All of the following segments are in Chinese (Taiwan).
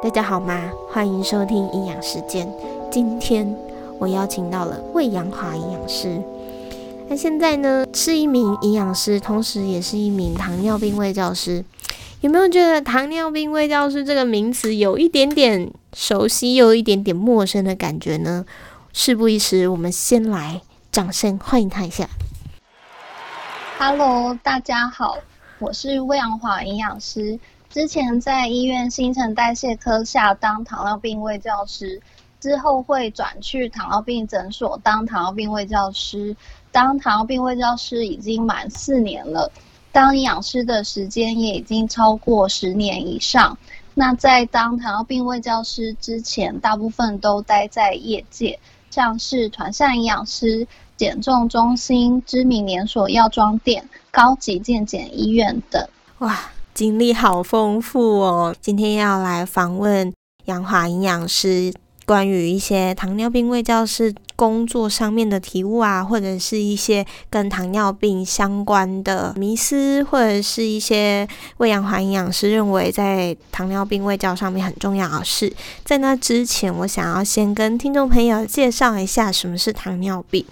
大家好嗎？歡迎收聽營養食間。今天我邀請到了魏洋樺營養師。那、啊、現在呢，是一名營養師，同時也是一名糖尿病衛教師。有沒有覺得糖尿病衛教師這個名詞有一點點熟悉，又有一點點陌生的感覺呢？事不宜遲，我們先來掌聲歡迎他一下。Hello，大家好，我是魏洋樺營養師。之前在醫院新陳代謝科下當糖尿病衛教師，之後會轉去糖尿病診所當糖尿病衛教師，當糖尿病衛教師已經滿四年了，當營養師的時間也已經超過十年以上。那在當糖尿病衛教師之前，大部分都待在業界，像是團膳營養師、減重中心、知名連鎖藥妝店、高級健檢醫院等。哇。經歷好豐富哦！今天要來訪問洋樺營養師，關於一些糖尿病衛教師工作上面的題目啊，或者是一些跟糖尿病相關的迷思，或者是一些魏洋樺營養師認為在糖尿病衛教上面很重要的事。在那之前，我想要先跟聽眾朋友介紹一下什麼是糖尿病。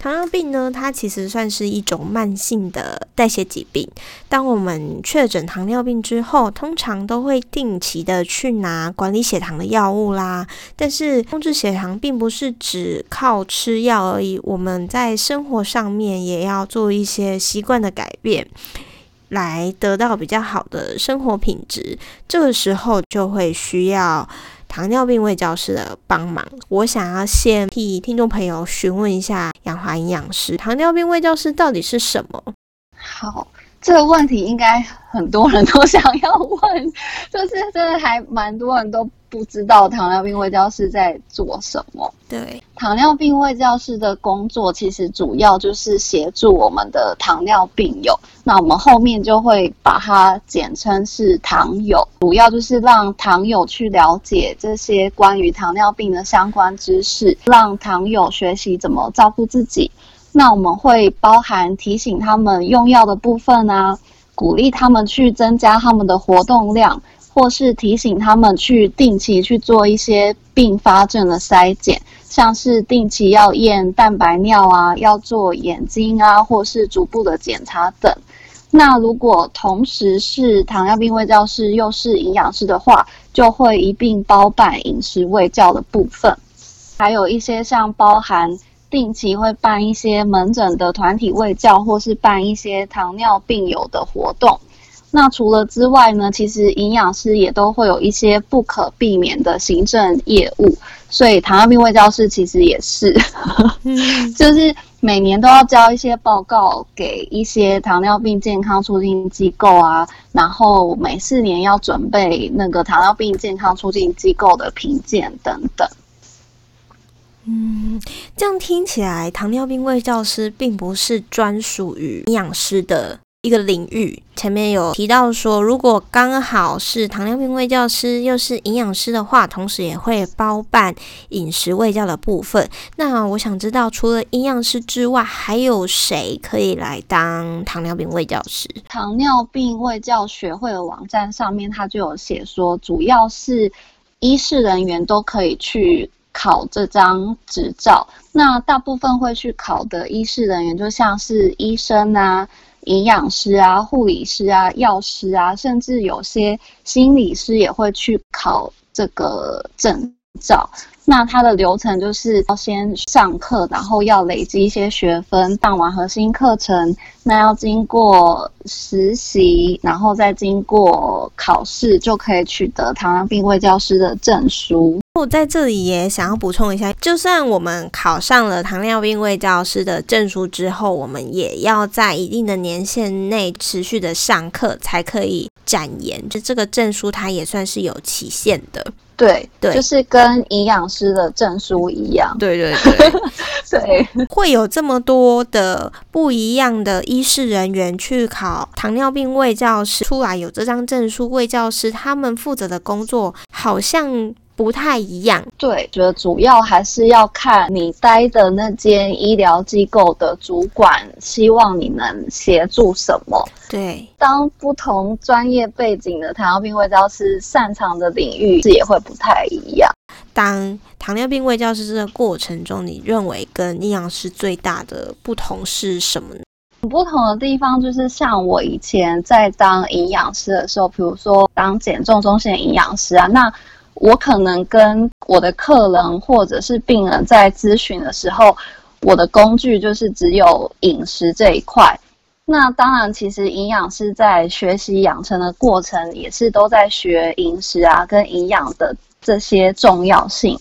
糖尿病呢，它其實算是一種慢性的代謝疾病。當我們確診糖尿病之後，通常都會定期的去拿管理血糖的藥物啦。但是控制血糖並不是只靠吃藥而已，我們在生活上面也要做一些習慣的改變，來得到比較好的生活品質。這個時候就會需要糖尿病衛教師的幫忙，我想要先替聽眾朋友詢問一下，洋樺營養師，糖尿病衛教師到底是什麼？好，這個問題應該很多人都想要問，就是真的還蠻多人都。不知道糖尿病衛教師在做什麼？對，糖尿病衛教師的工作其實主要就是協助我們的糖尿病友，那我們後面就會把它簡稱是糖友，主要就是讓糖友去了解這些關於糖尿病的相關知識，讓糖友學習怎麼照顧自己。那我們會包含提醒他們用藥的部分啊，鼓勵他們去增加他們的活動量。或是提醒他們去定期去做一些併發症的篩檢，像是定期要驗蛋白尿啊，要做眼睛啊，或是足部的檢查等。那如果同時是糖尿病衛教師又是營養師的話，就會一併包辦飲食衛教的部分。還有一些像包含定期會辦一些門診的團體衛教，或是辦一些糖尿病友的活動。那除了之外呢，其實營養師也都會有一些不可避免的行政業務，所以糖尿病衛教師其實也是， 就是每年都要交一些報告給一些糖尿病健康促進機構啊，然後每四年要準備那個糖尿病健康促進機構的評鑑等等。嗯，這樣聽起來，糖尿病衛教師並不是專屬於營養師的一個領域，前面有提到說，如果剛好是糖尿病衛教師又是營養師的話，同時也會包辦飲食衛教的部分。那我想知道，除了營養師之外，還有誰可以來當糖尿病衛教師？糖尿病衛教學會的網站上面，它就有寫說，主要是醫事人員都可以去考這張執照。那大部分會去考的醫事人員，就像是醫生啊。營養師啊，護理師啊，藥師啊，甚至有些心理師也會去考這個證照。那它的流程就是要先上課，然後要累積一些學分，上完核心課程，那要經過實習，然後再經過考試，就可以取得糖尿病衛教師的證書。我在這裡也想要補充一下，就算我們考上了糖尿病衛教師的證書之後，我們也要在一定的年限內持續的上課，才可以展延。就這個證書，它也算是有期限的。對對，就是跟營養師的證書一樣。對對對 對，會有這麼多的不一樣的醫事人員去考糖尿病衛教師出來，有這張證書，衛教師他們負責的工作好像。不太一樣，對，覺得主要還是要看你待的那間醫療機構的主管希望你能協助什麼。對，當不同專業背景的糖尿病衛教師擅長的領域這也會不太一樣。當糖尿病衛教師這個過程中，你認為跟營養師最大的不同是什麼呢？不同的地方就是像我以前在當營養師的時候，比如說當減重中心營養師啊，那，我可能跟我的客人或者是病人在諮詢的時候，我的工具就是只有飲食這一塊。那當然，其實營養師在學習養成的過程也是都在學飲食啊，跟營養的這些重要性。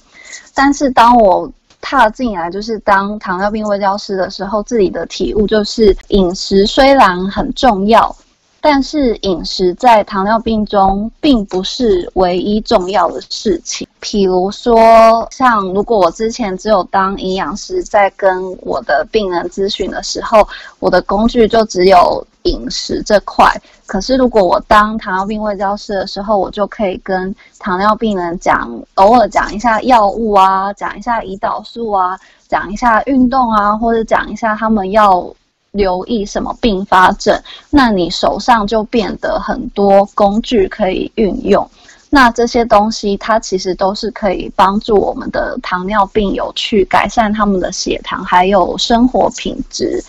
但是當我踏進來，就是當糖尿病衛教師的時候，自己的體悟就是飲食雖然很重要。但是飲食在糖尿病中並不是唯一重要的事情。譬如說，像如果我之前只有當營養師，在跟我的病人諮詢的時候，我的工具就只有飲食這塊。可是如果我當糖尿病衛教師的時候，我就可以跟糖尿病人講，偶爾講一下藥物啊，講一下胰島素啊，講一下運動啊，或者講一下他們要留意什麼併發症，那你手上就變得很多工具可以運用。那這些東西，它其實都是可以幫助我們的糖尿病友去改善他們的血糖，還有生活品質。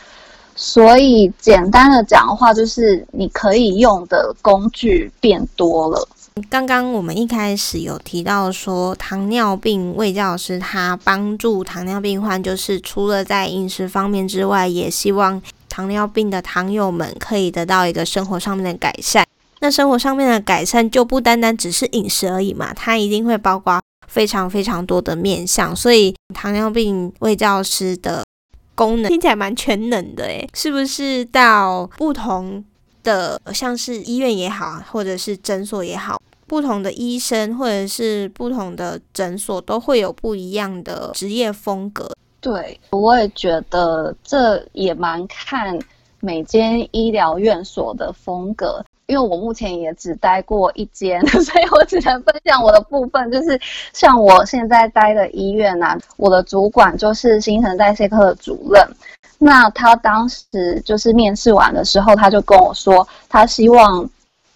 所以，簡單的講的話，就是你可以用的工具變多了。剛剛我們一開始有提到說，糖尿病衛教師他幫助糖尿病患，就是除了在飲食方面之外，也希望糖尿病的糖友們可以得到一個生活上面的改善。那生活上面的改善就不單單只是飲食而已嘛，它一定會包括非常非常多的面向。所以糖尿病衛教師的功能聽起來蠻全能的誒，是不是？到不同的像是醫院也好，或者是診所也好。不同的醫生或者是不同的診所都會有不一樣的職業風格。對，我也覺得這也蠻看每間醫療院所的風格。因為我目前也只待過一間，所以我只能分享我的部分。就是像我現在待的醫院吶、啊，我的主管就是新陳代謝科的主任。那他當時就是面試完的時候，他就跟我說，他希望。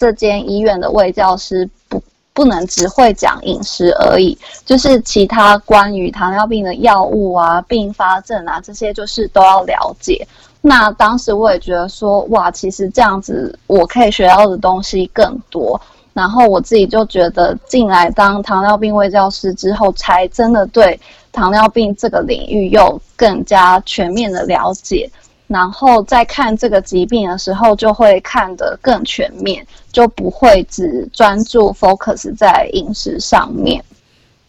這間醫院的衛教師不不能只會講飲食而已，就是其他關於糖尿病的藥物啊、併發症啊這些，就是都要了解。那當時我也覺得說，哇，其實這樣子我可以學到的東西更多。然後我自己就覺得，進來當糖尿病衛教師之後，才真的對糖尿病這個領域又更加全面的了解。然後在看這個疾病的時候，就會看得更全面，就不會只專注 focus 在飲食上面。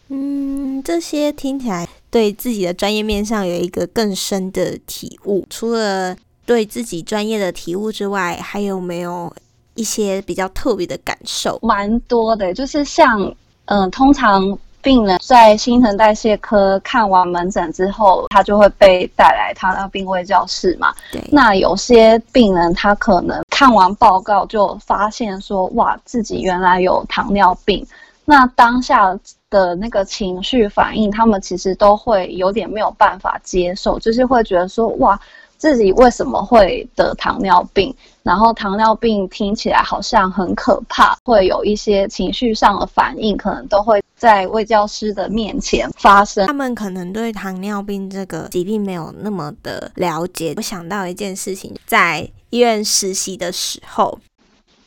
嗯，這些聽起來對自己的專業面向有一個更深的體悟。除了對自己專業的體悟之外，還有沒有一些比較特別的感受？蠻多的，就是像嗯、呃，通常。病人在新陳代謝科看完門診之後，他就會被帶來糖尿病衛教室嘛。對，那有些病人他可能看完報告就發現說，哇，自己原來有糖尿病。那當下的那個情緒反應，他們其實都會有點沒有辦法接受，就是會覺得說，哇，自己為什麼會得糖尿病？然後糖尿病聽起來好像很可怕，會有一些情緒上的反應，可能都會。在衛教師的面前發生，他們可能對糖尿病這個疾病沒有那麼的了解。我想到一件事情，在醫院實習的時候，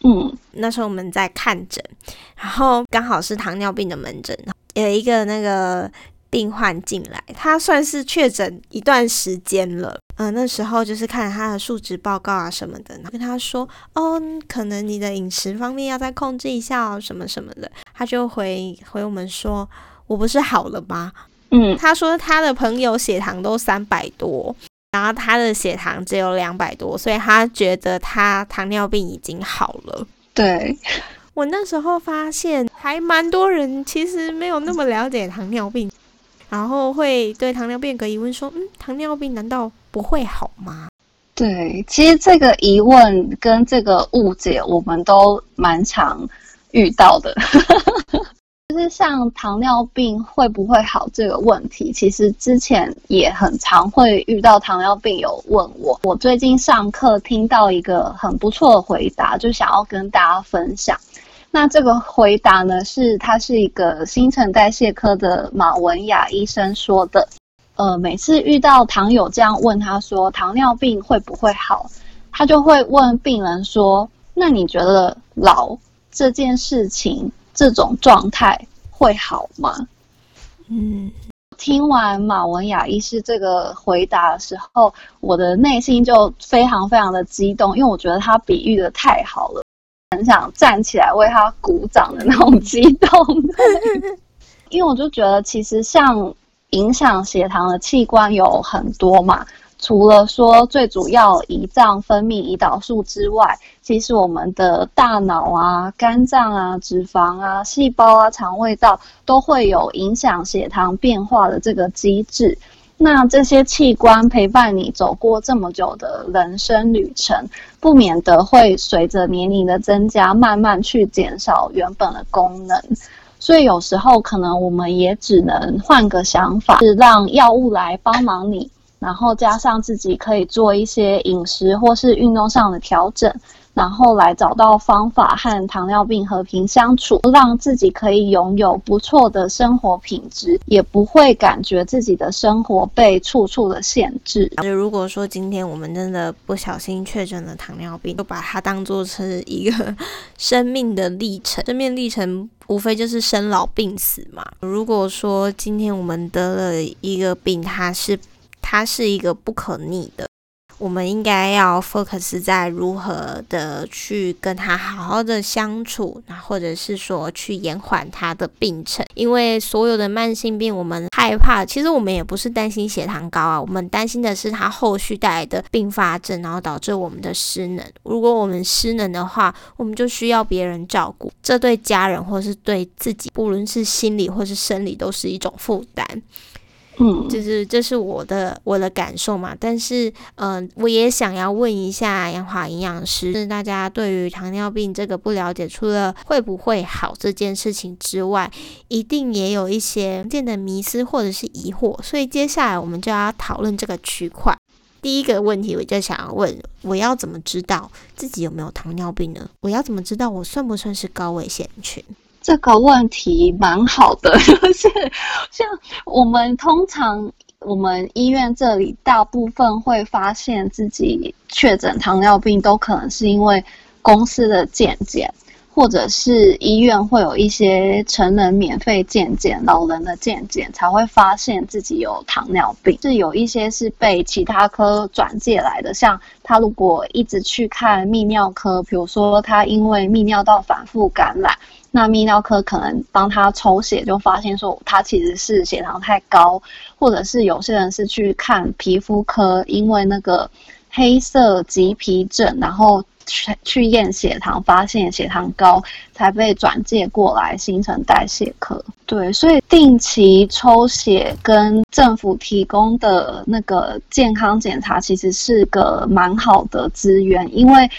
嗯，那時候我們在看診，然後剛好是糖尿病的門診，有一個那個病患進來，他算是確診一段時間了。嗯、呃，那時候就是看他的數值報告啊什麼的，然後跟他說，哦，可能你的飲食方面要再控制一下哦、啊，什麼什麼的。他就回回我們說，我不是好了嗎？嗯，他說他的朋友血糖都三百多，然後他的血糖只有兩百多，所以他覺得他糖尿病已經好了。對，我那時候發現還蠻多人其實沒有那麼了解糖尿病，然後會對糖尿病可以問，說，嗯，糖尿病難道？不會好嗎？對，其實這個疑問跟這個誤解，我們都蠻常遇到的。 就是像糖尿病會不會好這個問題，其實之前也很常會遇到糖尿病友問我。我最近上課聽到一個很不錯的回答，就想要跟大家分享。那這個回答呢，是它是一個新陳代謝科的馬文雅醫生說的。呃，每次遇到糖友這樣問，他說糖尿病會不會好，他就會問病人說：“那你覺得老這件事情，這種狀態會好嗎？”嗯，聽完馬文雅醫師這個回答的時候，我的內心就非常非常的激動，因為我覺得他比喻得太好了，很想站起來為他鼓掌的那種激動。 因為我就覺得，其實像。影響血糖的器官有很多嘛，除了說最主要胰臟分泌胰島素之外，其實我們的大腦啊、肝臟啊、脂肪啊、細胞啊、腸胃道都會有影響血糖變化的這個機制。那這些器官陪伴你走過這麼久的人生旅程，不免得會隨着年齡的增加，慢慢去減少原本的功能。所以有時候可能我們也只能換個想法，是讓藥物來幫忙你，然後加上自己可以做一些飲食或是運動上的調整。然後來找到方法，和糖尿病和平相處，讓自己可以擁有不錯的生活品質，也不會感覺自己的生活被處處的限制。如果說今天我們真的不小心確診了糖尿病，就把它當作是一個生命的歷程。生命歷程無非就是生老病死嘛。如果說今天我們得了一個病，它是它是一個不可逆的。我們應該要 focus 在如何的去跟他好好的相處，或者是說去延緩他的病程。因為所有的慢性病，我們害怕，其實我們也不是擔心血糖高啊，我們擔心的是他後續帶來的併發症，然後導致我們的失能。如果我們失能的話，我們就需要別人照顧，這對家人或是對自己，不論是心理或是生理，都是一種負擔。嗯、就是，就是這是我的我的感受嘛，但是嗯、呃，我也想要問一下洋樺營養師，大家對於糖尿病這個不了解，除了會不會好這件事情之外，一定也有一些常見的迷思或者是疑惑，所以接下來我們就要討論這個區塊。第一個問題我就想要問，我要怎麼知道自己有沒有糖尿病呢？我要怎麼知道我算不算是高危險群？這個問題蠻好的，就是像我們通常我們醫院這裡大部分會發現自己確診糖尿病，都可能是因為公司的健檢，或者是醫院會有一些成人免費健檢、老人的健檢，才會發現自己有糖尿病。是有一些是被其他科轉介來的，像他如果一直去看泌尿科，比如說他因為泌尿道反復感染。那泌尿科可能幫他抽血，就發現說他其實是血糖太高，或者是有些人是去看皮膚科，因為那個黑色棘皮症，然後去驗血糖，發現血糖高，才被轉介過來新陳代謝科。對，所以定期抽血跟政府提供的那個健康檢查，其實是個蠻好的資源，因為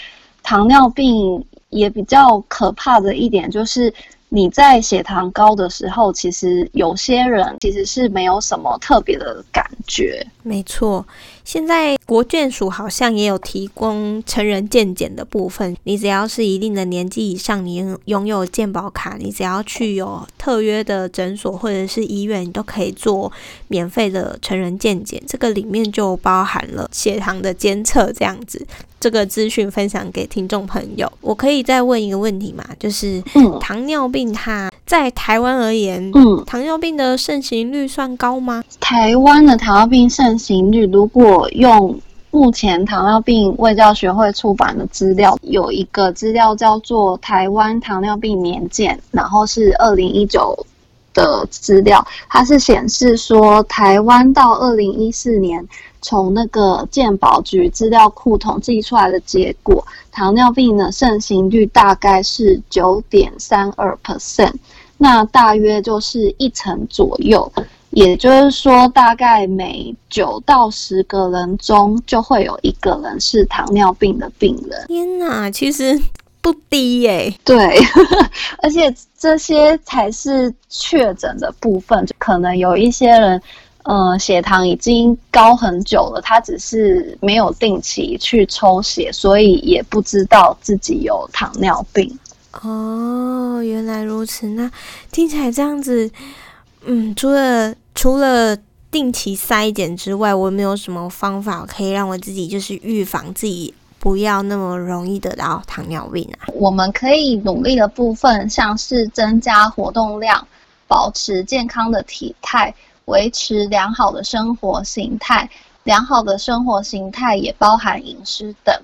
糖尿病。也比較可怕的一點就是，你在血糖高的時候，其實有些人其實是沒有什麼特別的感覺。沒錯，現在國健署好像也有提供成人健檢的部分。你只要是一定的年紀以上，你擁有健保卡，你只要去有特約的診所或者是醫院，你都可以做免費的成人健檢。這個裡面就包含了血糖的監測，這樣子。這個資訊分享給聽眾朋友。我可以再問一個問題嗎？就是、嗯、糖尿病它，在台灣而言，嗯，糖尿病的盛行率算高嗎？嗯，台灣的糖尿病盛行率，如果用目前糖尿病衛教學會出版的資料，有一個資料叫做《台灣糖尿病年鑑》，然後是二零一九的資料，它是顯示說，台灣到二零一四年，從那個健保局資料庫統計出來的結果，糖尿病的盛行率大概是九點三二 percent。那大約就是一成左右，也就是說，大概每九到十個人中就會有一個人是糖尿病的病人。天哪，其實不低欸。對，呵呵，而且這些才是確診的部分，就可能有一些人，嗯，血糖已經高很久了，他只是沒有定期去抽血，所以也不知道自己有糖尿病。哦，原來如此。那聽起來這樣子，嗯，除了除了定期篩檢之外，我有沒有什麼方法可以讓我自己就是預防自己不要那麼容易得到糖尿病啊？我們可以努力的部分，像是增加活動量、保持健康的體態、維持良好的生活形態。良好的生活形態也包含飲食等，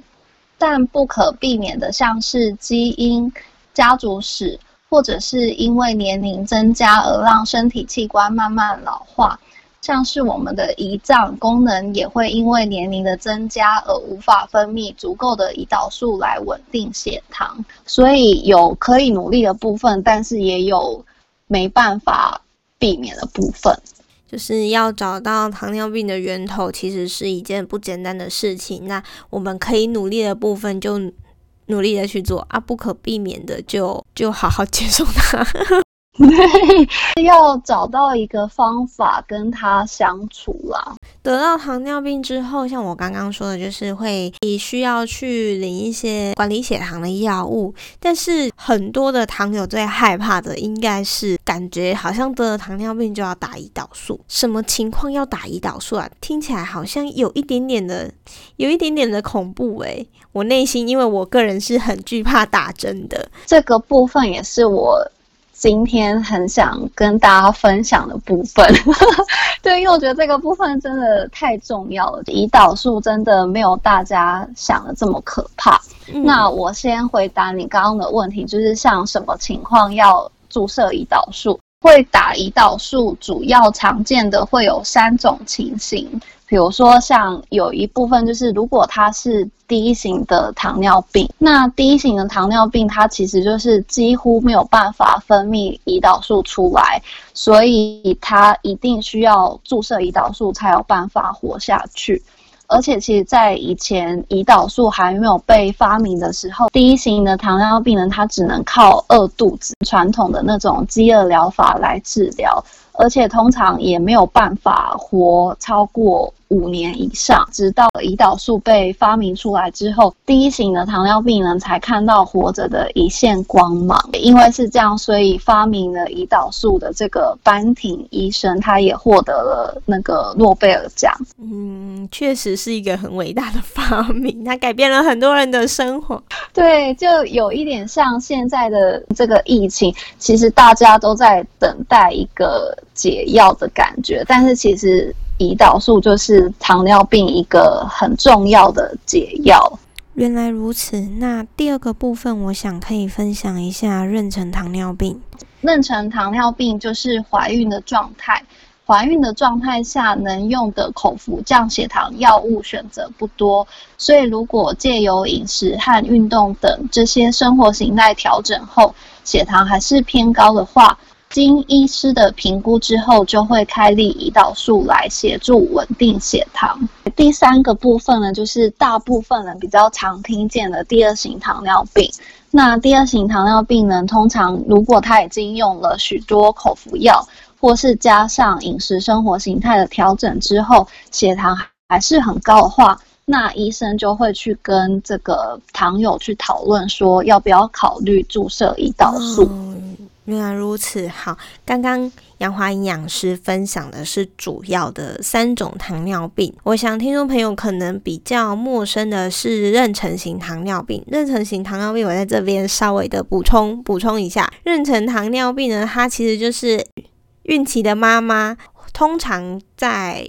但不可避免的，像是基因。家族史，或者是因為年齡增加而讓身體器官慢慢老化，像是我們的胰臟功能也會因為年齡的增加而無法分泌足夠的胰島素來穩定血糖，所以有可以努力的部分，但是也有沒辦法避免的部分。就是要找到糖尿病的源頭，其實是一件不簡單的事情。那我們可以努力的部分就努力的去做啊，不可避免的就就好好接受他。 對，要找到一個方法跟他相處啦。得到糖尿病之後，像我剛剛說的，就是會需要去領一些管理血糖的藥物。但是很多的糖友最害怕的，應該是感覺好像得了糖尿病就要打胰島素，什麼情況要打胰島素啊？聽起來好像有一點點的，有一點點的恐怖誒，我內心，因為我個人是很懼怕打針的，這個部分也是我。今天很想跟大家分享的部分， 對，因為我覺得這個部分真的太重要了。胰島素真的沒有大家想的這麼可怕。嗯。那我先回答你剛剛的問題，就是像什麼情況要注射胰島素？會打胰島素主要常見的會有三種情形。比如說，像有一部分就是，如果他是第一型的糖尿病，那第一型的糖尿病，它其實就是幾乎沒有辦法分泌胰島素出來，所以他一定需要注射胰島素才有辦法活下去。而且，其實，在以前胰島素還沒有被發明的時候，第一型的糖尿病人他只能靠餓肚子，傳統的那種飢餓療法來治療，而且通常也沒有辦法活超過。五年以上，直到胰島素被發明出來之後，第一型的糖尿病人才看到活着的一線光芒。因為是這樣，所以發明了胰島素的這個班廷醫生，他也獲得了那個諾貝爾獎。嗯，確實是一個很偉大的發明，它改變了很多人的生活。對，就有一點像現在的這個疫情，其實大家都在等待一個解藥的感覺，但是其實。胰島素就是糖尿病一個很重要的解藥。原來如此。那第二個部分，我想可以分享一下妊娠糖尿病。妊娠糖尿病就是懷孕的狀態，懷孕的狀態下能用的口服降血糖藥物選擇不多，所以如果借由飲食和運動等這些生活形態調整後，血糖還是偏高的話，經醫師的評估之後，就會開立胰島素來協助穩定血糖。第三個部分呢，就是大部分人比較常聽見的第二型糖尿病。那第二型糖尿病呢，通常如果他已經用了許多口服藥，或是加上飲食生活形態的調整之後，血糖還是很高的話，那醫生就會去跟這個糖友去討論，說要不要考慮注射胰島素。嗯原來如此，好，剛剛洋樺營養師分享的是主要的三種糖尿病。我想聽眾朋友可能比較陌生的是妊娠型糖尿病。妊娠型糖尿病，我在這邊稍微的補充補充一下。妊娠糖尿病呢，它其實就是孕期的媽媽通常在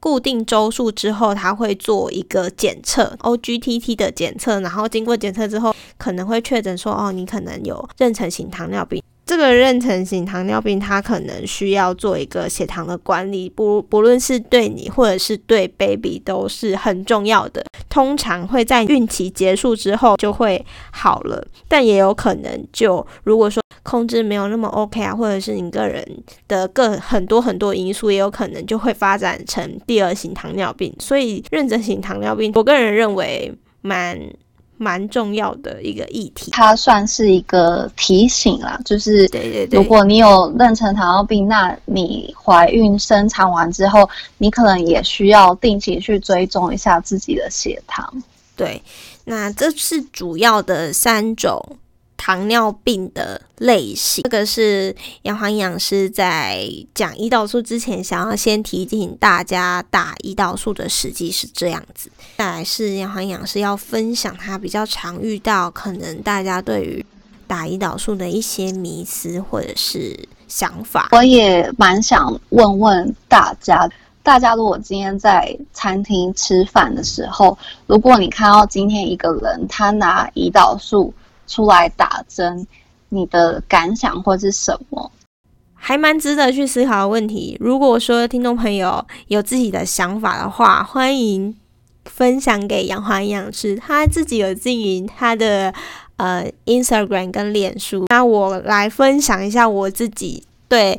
固定週數之後，她會做一個檢測，OGTT 的檢測，然後經過檢測之後，可能會確診說哦，你可能有妊娠型糖尿病。這個妊娠型糖尿病，它可能需要做一個血糖的管理，不不論是對你或者是對 baby 都是很重要的。通常會在孕期結束之後就會好了，但也有可能就如果說控制沒有那麼 OK 啊，或者是你個人的各很多很多因素，也有可能就會發展成第二型糖尿病。所以妊娠型糖尿病，我個人認為蠻。蠻重要的一個議題，它算是一個提醒啦，就是，對對對，如果你有妊娠糖尿病，那你懷孕生產完之後，你可能也需要定期去追蹤一下自己的血糖。對，那這是主要的三種。糖尿病的類型，這個是洋樺營養師在講胰島素之前，想要先提醒大家打胰島素的時機是這樣子。再來是洋樺營養師要分享他比較常遇到，可能大家對於打胰島素的一些迷思或者是想法。我也蠻想問問大家，大家如果今天在餐廳吃飯的時候，如果你看到今天一個人他拿胰島素。出來打針，你的感想或是什麼？還蠻值得去思考的問題。如果說聽眾朋友有自己的想法的話，歡迎分享給洋樺營養師，他自己有經營他的呃 Instagram 跟臉書。那我來分享一下我自己對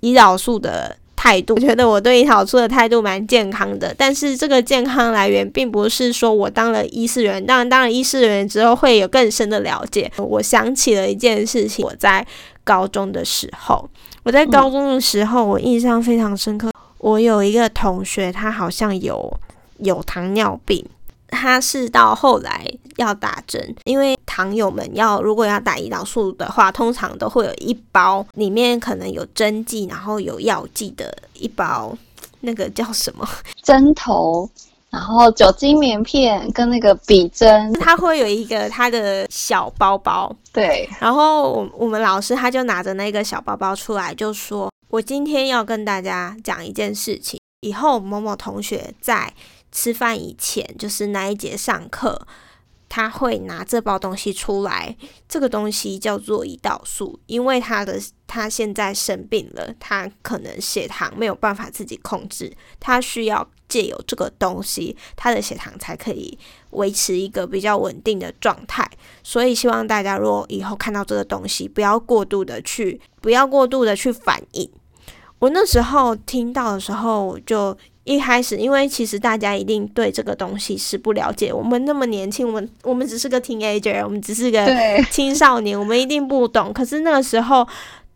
胰島素的。態度，我覺得我對你好處的態度蠻健康的，但是這個健康來源並不是說我當了醫事人員。當然，當了醫事人員之後會有更深的了解。我想起了一件事情，我在高中的時候，我在高中的時候，我印象非常深刻。我有一個同學，他好像有有糖尿病，他是到後來要打針，因為。糖友們要如果要打胰島素的話，通常都會有一包裡面可能有針劑，然後有藥劑的一包，那個叫什麼針頭，然後酒精棉片跟那個筆針，他會有一個他的小包包。對，然後我們老師他就拿着那個小包包出來，就說：“我今天要跟大家講一件事情，以後某某同學在吃飯以前，就是那一節上課。”他會拿這包東西出來，這個東西叫做胰島素，因為他的他現在生病了，他可能血糖沒有辦法自己控制，他需要借由這個東西，他的血糖才可以維持一個比較穩定的狀態。所以希望大家如果以後看到這個東西，不要過度的去，不要過度的去反應。我那時候聽到的時候我就。一開始，因為其實大家一定對這個東西是不了解。我們那麼年輕，我們我們只是個 teenager，我們只是個青少年，對，我們一定不懂。可是那個時候，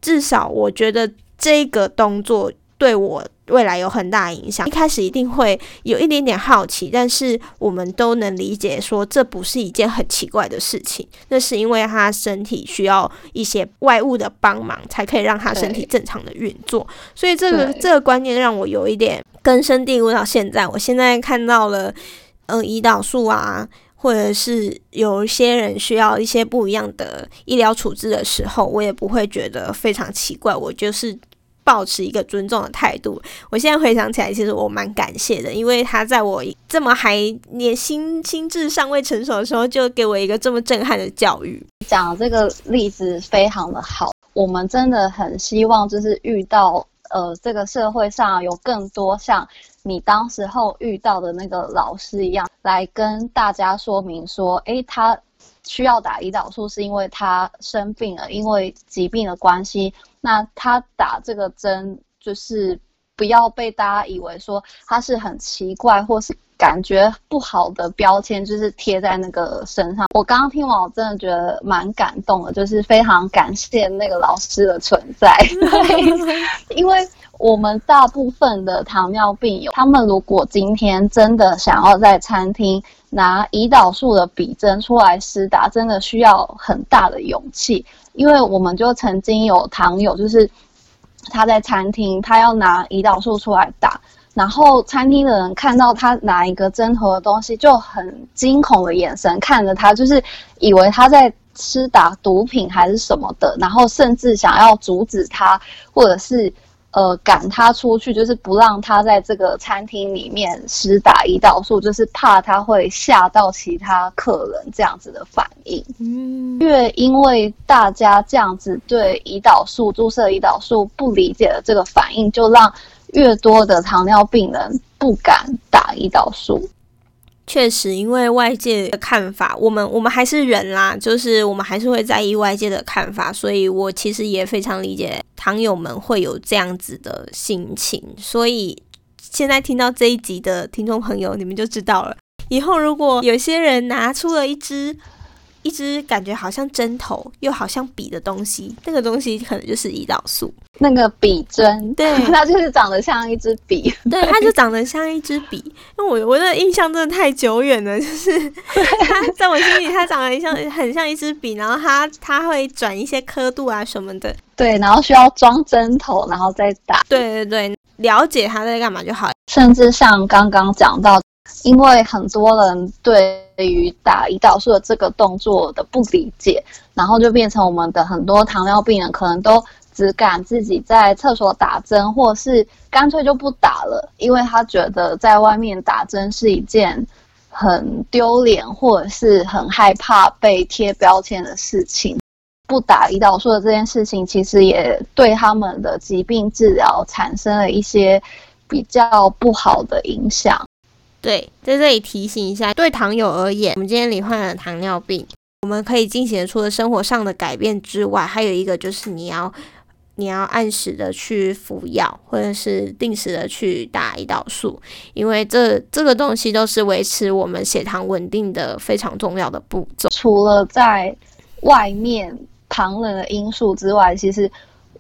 至少我覺得這個動作。對我未來有很大影響。一開始一定會有一點點好奇，但是我們都能理解，說這不是一件很奇怪的事情。那是因為他身體需要一些外物的幫忙，才可以讓他身體正常的運作。所以這個這個觀念讓我有一點根深蒂固到現在。我現在看到了，嗯、呃，胰島素啊，或者是有一些人需要一些不一樣的醫療處置的時候，我也不會覺得非常奇怪。我就是。抱持一個尊重的態度。我現在回想起來，其實我蠻感謝的，因為他在我這麼還年輕，心、心智尚未成熟的時候，就給我一個這麼震撼的教育。講這個例子非常的好，我們真的很希望就是遇到呃，這個社會上有更多像你當時候遇到的那個老師一樣，來跟大家說明說，誒，他需要打胰島素是因為他生病了，因為疾病的關係，那他打這個針就是不要被大家以為說他是很奇怪或是。感覺不好的標籤就是貼在那個身上。我剛剛聽完，我真的覺得蠻感動的，就是非常感謝那個老師的存在。 因為我們大部分的糖尿病友，他們如果今天真的想要在餐廳拿胰島素的筆針出來施打，真的需要很大的勇氣。因為我們就曾經有糖友，就是他在餐廳，他要拿胰島素出來打。然後餐廳的人看到他拿一個針頭的東西，就很驚恐的眼神看着他，就是以為他在施打毒品還是什麼的，然後甚至想要阻止他，或者是呃趕他出去，就是不讓他在這個餐廳裡面施打胰島素，就是怕他會嚇到其他客人這樣子的反應。嗯，越因為大家這樣子對胰島素注射胰島素不理解的這個反應，就讓。越多的糖尿病人不敢打胰島素，確實，因為外界的看法，我們我們還是人啦，就是我們還是會在意外界的看法，所以我其實也非常理解糖友們會有這樣子的心情，所以現在聽到這一集的聽眾朋友，你們就知道了。以後如果有些人拿出了一支，一支感覺好像針頭又好像筆的東西，那個東西可能就是胰島素那個筆針。對，它就是長得像一支筆。對，它就長得像一支筆。因為我我的印象真的太久遠了，就是它在我心裡它長得像很像一支筆，然後它它會轉一些刻度啊什麼的。對，然後需要裝針頭然後再打。對對對，了解它在幹嘛就好。甚至像剛剛講到的。因為很多人對於打胰島素的這個動作的不理解，然後就變成我們的很多糖尿病人可能都只敢自己在廁所打針，或者是乾脆就不打了，因為他覺得在外面打針是一件很丟臉或者是很害怕被貼標籤的事情。不打胰島素的這件事情，其實也對他們的疾病治療產生了一些比較不好的影響。對，在這裡提醒一下，對糖友而言，我們今天罹患了糖尿病，我們可以進行除了生活上的改變之外，還有一個就是你要，你要按時的去服藥，或者是定時的去打胰島素，因為這這個東西都是維持我們血糖穩定的非常重要的步驟。除了在外面糖人的因素之外，其實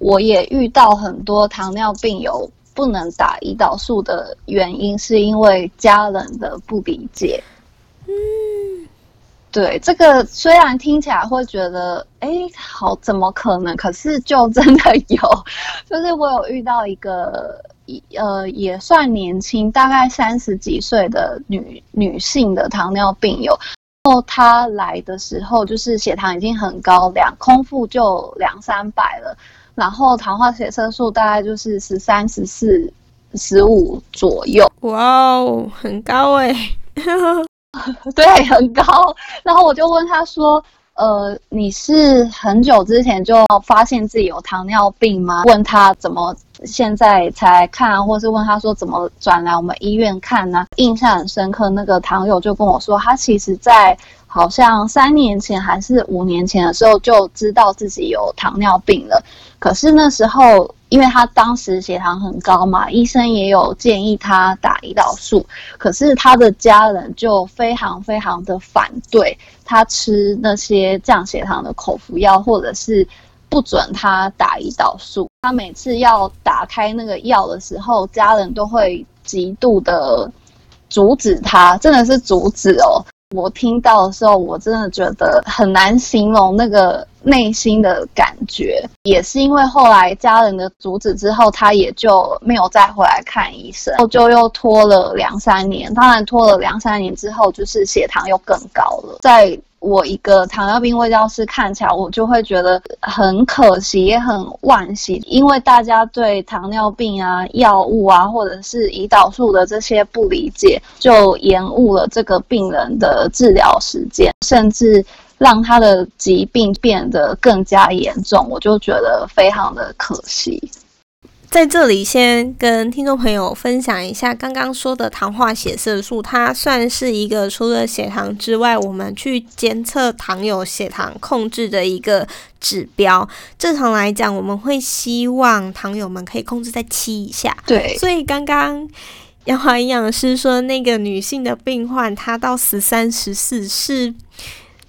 我也遇到很多糖尿病友。不能打胰島素的原因是因為家人的不理解。嗯，對，這個雖然聽起來會覺得誒，好怎麼可能？可是就真的有，就是我有遇到一個，呃，也算年輕，大概三十幾歲的女女性的糖尿病友，然後她來的時候就是血糖已經很高，兩，空腹就兩三百了。然後糖化血色素大概就是十三、十四、十五左右，哇哦，很高哎！ 對，很高。然後我就問他說，呃，你是很久之前就發現自己有糖尿病嗎？問他怎麼現在才看、啊，或是問他說怎麼轉來我們醫院看呢、啊？印象很深刻，那個糖友就跟我說，他其實在好像三年前還是五年前的時候就知道自己有糖尿病了，可是那時候因為他當時血糖很高嘛，醫生也有建議他打胰島素，可是他的家人就非常非常的反對他吃那些降血糖的口服藥，或者是不准他打胰島素。他每次要打開那個藥的時候，家人都會極度的阻止他，真的是阻止哦。我聽到的時候，我真的覺得很難形容那個內心的感覺。也是因為後來家人的阻止之後，他也就沒有再回來看醫生，然後就又拖了兩三年。當然，拖了兩三年之後，就是血糖又更高了。在我一個糖尿病衛教師看起來，我就會覺得很可惜，也很惋惜，因為大家對糖尿病啊、藥物啊，或者是胰島素的這些不理解，就延誤了這個病人的治療時間，甚至讓他的疾病變得更加嚴重，我就覺得非常的可惜。在這裡先跟聽眾朋友分享一下剛剛說的糖化血色素，它算是一個除了血糖之外，我們去監測糖友血糖控制的一個指標。正常來講，我們會希望糖友們可以控制在七以下。對，所以剛剛洋樺營養師說那個女性的病患，她到十三十四是。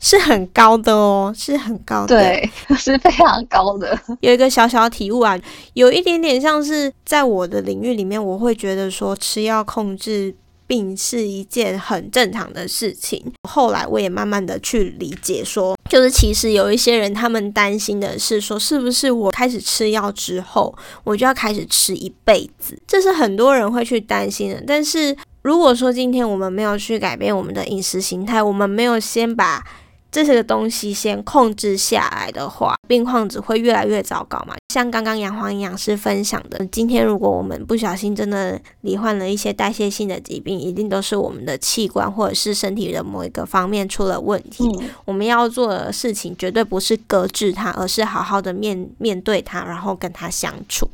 是很高的哦，是很高的，對，是非常高的。有一個小小體悟啊，有一點點像是在我的領域裡面，我會覺得說吃藥控制病是一件很正常的事情。後來我也慢慢的去理解說，就是其實有一些人他們擔心的是說，是不是我開始吃藥之後，我就要開始吃一輩子，這是很多人會去擔心的。但是如果說今天我們沒有去改變我們的飲食形態，我們沒有先把這些個東西先控制下來的話，病況只會越來越糟糕嘛。像剛剛洋樺營養師分享的，今天如果我們不小心真的罹患了一些代謝性的疾病，一定都是我們的器官或者是身體的某一個方面出了問題。嗯、我們要做的事情絕對不是擱置它，而是好好的面面對它，然後跟它相處。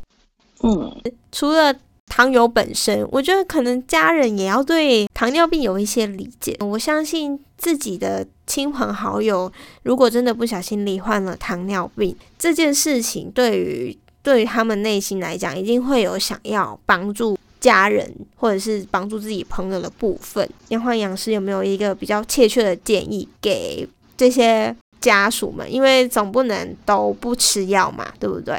嗯，除了。糖友本身，我覺得可能家人也要對糖尿病有一些理解。我相信自己的親朋好友，如果真的不小心罹患了糖尿病這件事情，對於對於他們內心來講，一定會有想要幫助家人或者是幫助自己朋友的部分。洋樺營養師有沒有一個比較確切的建議給這些家屬們？因為總不能都不吃藥嘛，對不對？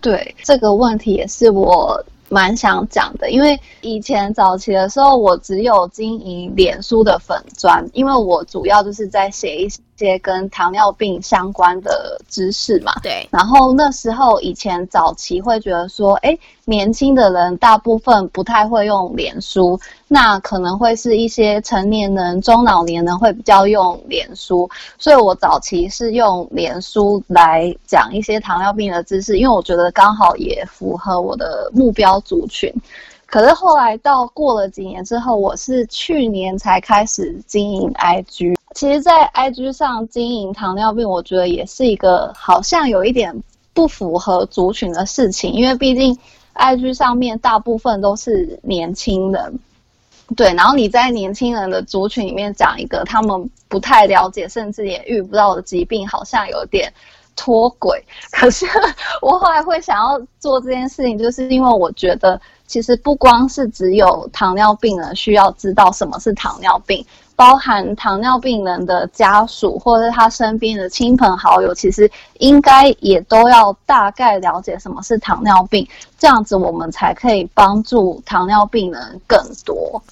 對，這個問題也是我。蠻想講的，因為以前早期的時候，我只有經營臉書的粉專，因為我主要就是在寫一些。些跟糖尿病相關的知識嘛，對。然後那時候以前早期會覺得說，欸，年輕的人大部分不太會用臉書，那可能會是一些成年人、中老年人會比較用臉書。所以我早期是用臉書來講一些糖尿病的知識，因為我覺得剛好也符合我的目標族群。可是後來到過了幾年之後，我是去年才開始經營 IG。其實，在 IG 上經營糖尿病，我覺得也是一個好像有一點不符合族群的事情，因為畢竟 IG 上面大部分都是年輕人，對。然後你在年輕人的族群裡面講一個他們不太了解，甚至也遇不到的疾病，好像有點脫軌。可是我後來會想要做這件事情，就是因為我覺得。其實不光是只有糖尿病人需要知道什麼是糖尿病，包含糖尿病人的家屬或者他身邊的親朋好友，其實應該也都要大概了解什麼是糖尿病，這樣子我們才可以幫助糖尿病人更多。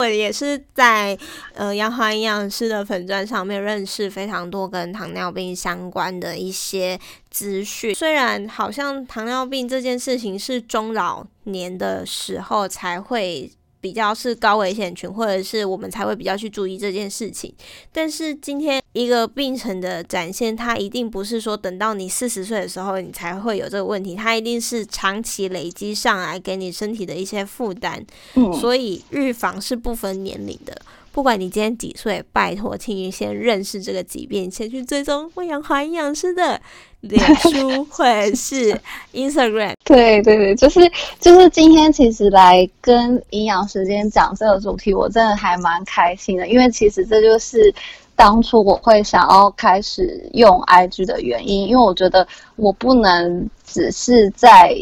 我也是在呃，洋樺營養師的粉專上面認識非常多跟糖尿病相關的一些資訊。雖然好像糖尿病這件事情是中老年的時候才會。比較是高危險群，或者是我們才會比較去注意這件事情。但是今天一個病程的展現，它一定不是說等到你四十歲的時候，你才會有這個問題，它一定是長期累積上來給你身體的一些負擔。嗯。所以預防是不分年齡的。不管你今天幾歲，拜託請你先認識這個疾病，先去追蹤魏洋樺營養師的臉書或是 Instagram。 對對對，就是就是今天其實來跟營養食間講這個主題，我真的還蠻開心的，因為其實這就是當初我會想要開始用 IG 的原因，因為我覺得我不能只是在。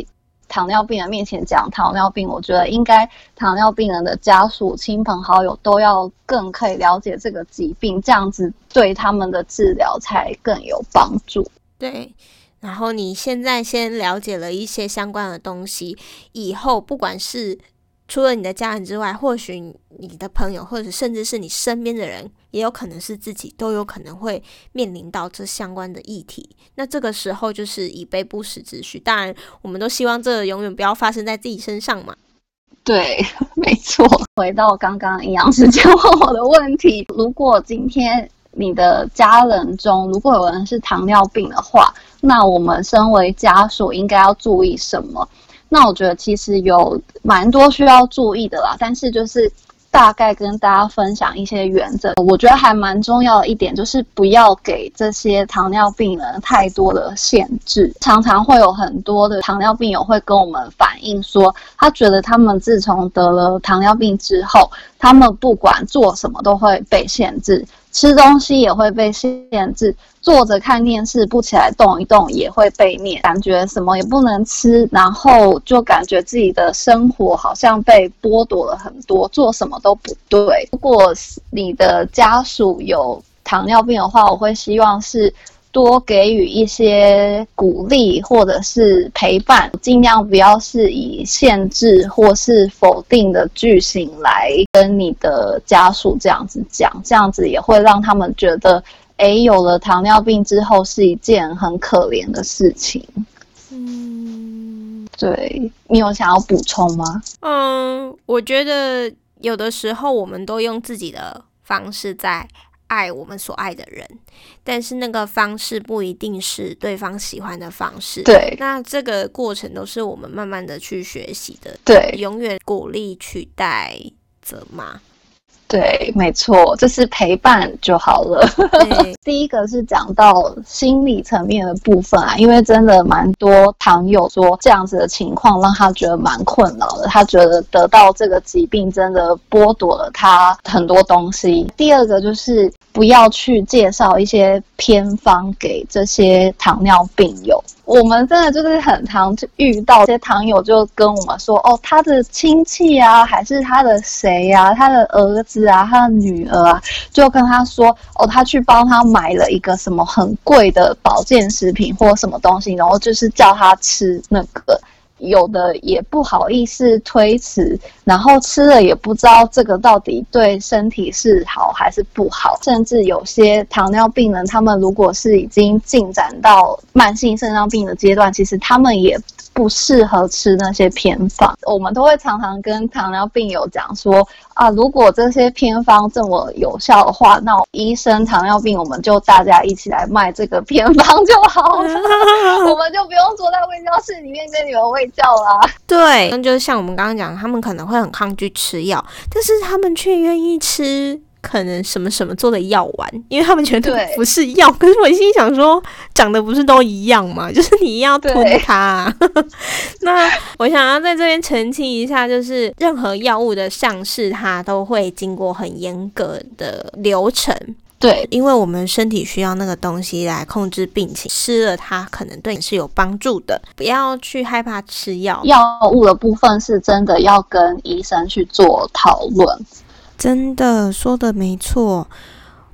糖尿病人面前講糖尿病，我覺得應該糖尿病人的家屬、親朋好友都要更可以了解這個疾病，這樣子對他們的治療才更有幫助。對，然後你現在先了解了一些相關的東西，以後不管是。除了你的家人之外，或許你的朋友，或者甚至是你身邊的人，也有可能是自己，都有可能會面臨到這相關的議題。那這個時候就是以備不時之需。當然，我們都希望這永遠不要發生在自己身上嘛。對，沒錯。回到剛剛營養師就問我的問題：如果今天你的家人中如果有人是糖尿病的話，那我們身為家屬應該要注意什麼？那我覺得其實有蠻多需要注意的啦，但是就是大概跟大家分享一些原則。我覺得還蠻重要的一點就是不要給這些糖尿病人太多的限制。常常會有很多的糖尿病友會跟我們反映說，他覺得他們自從得了糖尿病之後，他們不管做什麼都會被限制。吃東西也會被限制，坐着看電視不起來動一動也會被念，感覺什麼也不能吃，然後就感覺自己的生活好像被剝奪了很多，做什麼都不對。如果你的家屬有糖尿病的話，我會希望是。多給予一些鼓勵或者是陪伴，盡量不要是以限制或是否定的句型來跟你的家屬這樣子講，這樣子也會讓他們覺得，哎、欸，有了糖尿病之後是一件很可憐的事情。嗯，對。你有想要補充嗎？嗯，我覺得有的時候我們都用自己的方式在，愛我們所愛的人，但是那個方式不一定是對方喜歡的方式。對，那這個過程都是我們慢慢的去學習的。對，永遠鼓勵取代責罵。對，沒錯，就是陪伴就好了、 嗯。第一個是講到心理層面的部分啊，因為真的蠻多糖友說這樣子的情況讓他覺得蠻困擾的，他覺得得到這個疾病真的剝奪了他很多東西。第二個就是不要去介紹一些偏方給這些糖尿病友，我們真的就是很常遇到，這些糖友就跟我們說，哦，他的親戚啊，還是他的誰呀、啊，他的兒子。啊，他的女兒啊，就跟他說，哦，他去幫他買了一個什麼很貴的保健食品或什麼東西，然後就是叫他吃那個，有的也不好意思推辭，然後吃了也不知道這個到底對身體是好還是不好，甚至有些糖尿病人，他們如果是已經進展到慢性腎臟病的階段，其實他們也。不適合吃那些偏方，我們都會常常跟糖尿病友講說啊，如果這些偏方這麼有效的話，那醫生糖尿病我們就大家一起來賣這個偏方就好了， 我們就不用坐在衛教室裡面跟你們衛教啦。對，那就是像我們剛剛講，他們可能會很抗拒吃藥，但是他們卻願意吃。可能什麼什麼做的藥丸，因為他們全都不是藥。可是我心想說，長得不是都一樣嗎？就是你要吞它。 那我想要在這邊澄清一下，就是任何藥物的上市，它都會經過很嚴格的流程。對，因為我們身體需要那個東西來控制病情，吃了它可能對你是有幫助的。不要去害怕吃藥，藥物的部分是真的要跟醫生去做討論。真的，說的沒錯，